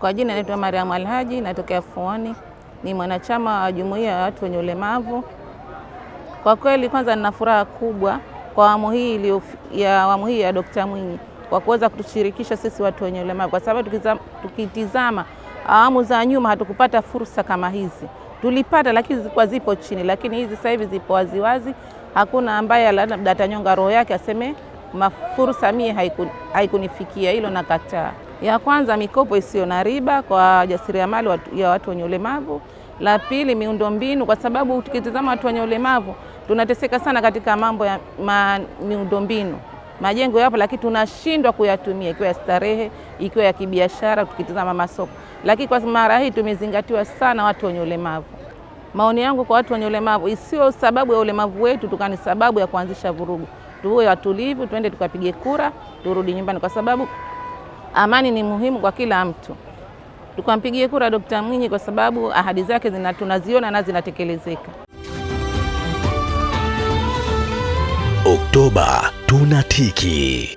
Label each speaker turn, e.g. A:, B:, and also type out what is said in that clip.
A: Kwa jina naitwa mariam Alhaji, natokea Fuoni, ni mwanachama wa jumuiya ya watu wenye ulemavu. Kwa kweli, kwanza nina furaha kubwa kwa awamu hii ya awamu hii ya Dokta Mwinyi kwa kuweza kutushirikisha sisi watu wenye ulemavu, kwa sababu tukitizama awamu za nyuma hatukupata fursa kama hizi. Tulipata lakini zilikuwa zipo chini, lakini hizi sasa hivi zipo waziwazi. Hakuna ambaye labda atanyonga roho yake aseme mafursa mie haikunifikia, haiku hilo nakataa. Ya kwanza mikopo isiyo na riba kwa wajasiriamali ya watu wenye ulemavu. La pili miundombinu, kwa sababu tukitizama watu wenye ulemavu tunateseka sana katika mambo ya ma, miundombinu. Majengo yapo, lakini tunashindwa kuyatumia, ikiwa ya starehe, ikiwa ya kibiashara, tukitizama masoko. Lakini kwa mara hii tumezingatiwa sana watu wenye ulemavu. Maoni yangu kwa watu wenye ulemavu, isiyo sababu ya ulemavu wetu tukani sababu ya kuanzisha vurugu. Tuwe watulivu, tuende tukapige kura, turudi nyumbani, kwa sababu amani ni muhimu kwa kila mtu. Tukampigie kura Dokta Mwinyi kwa sababu ahadi zake tunaziona na zinatekelezeka. Oktoba tunatiki.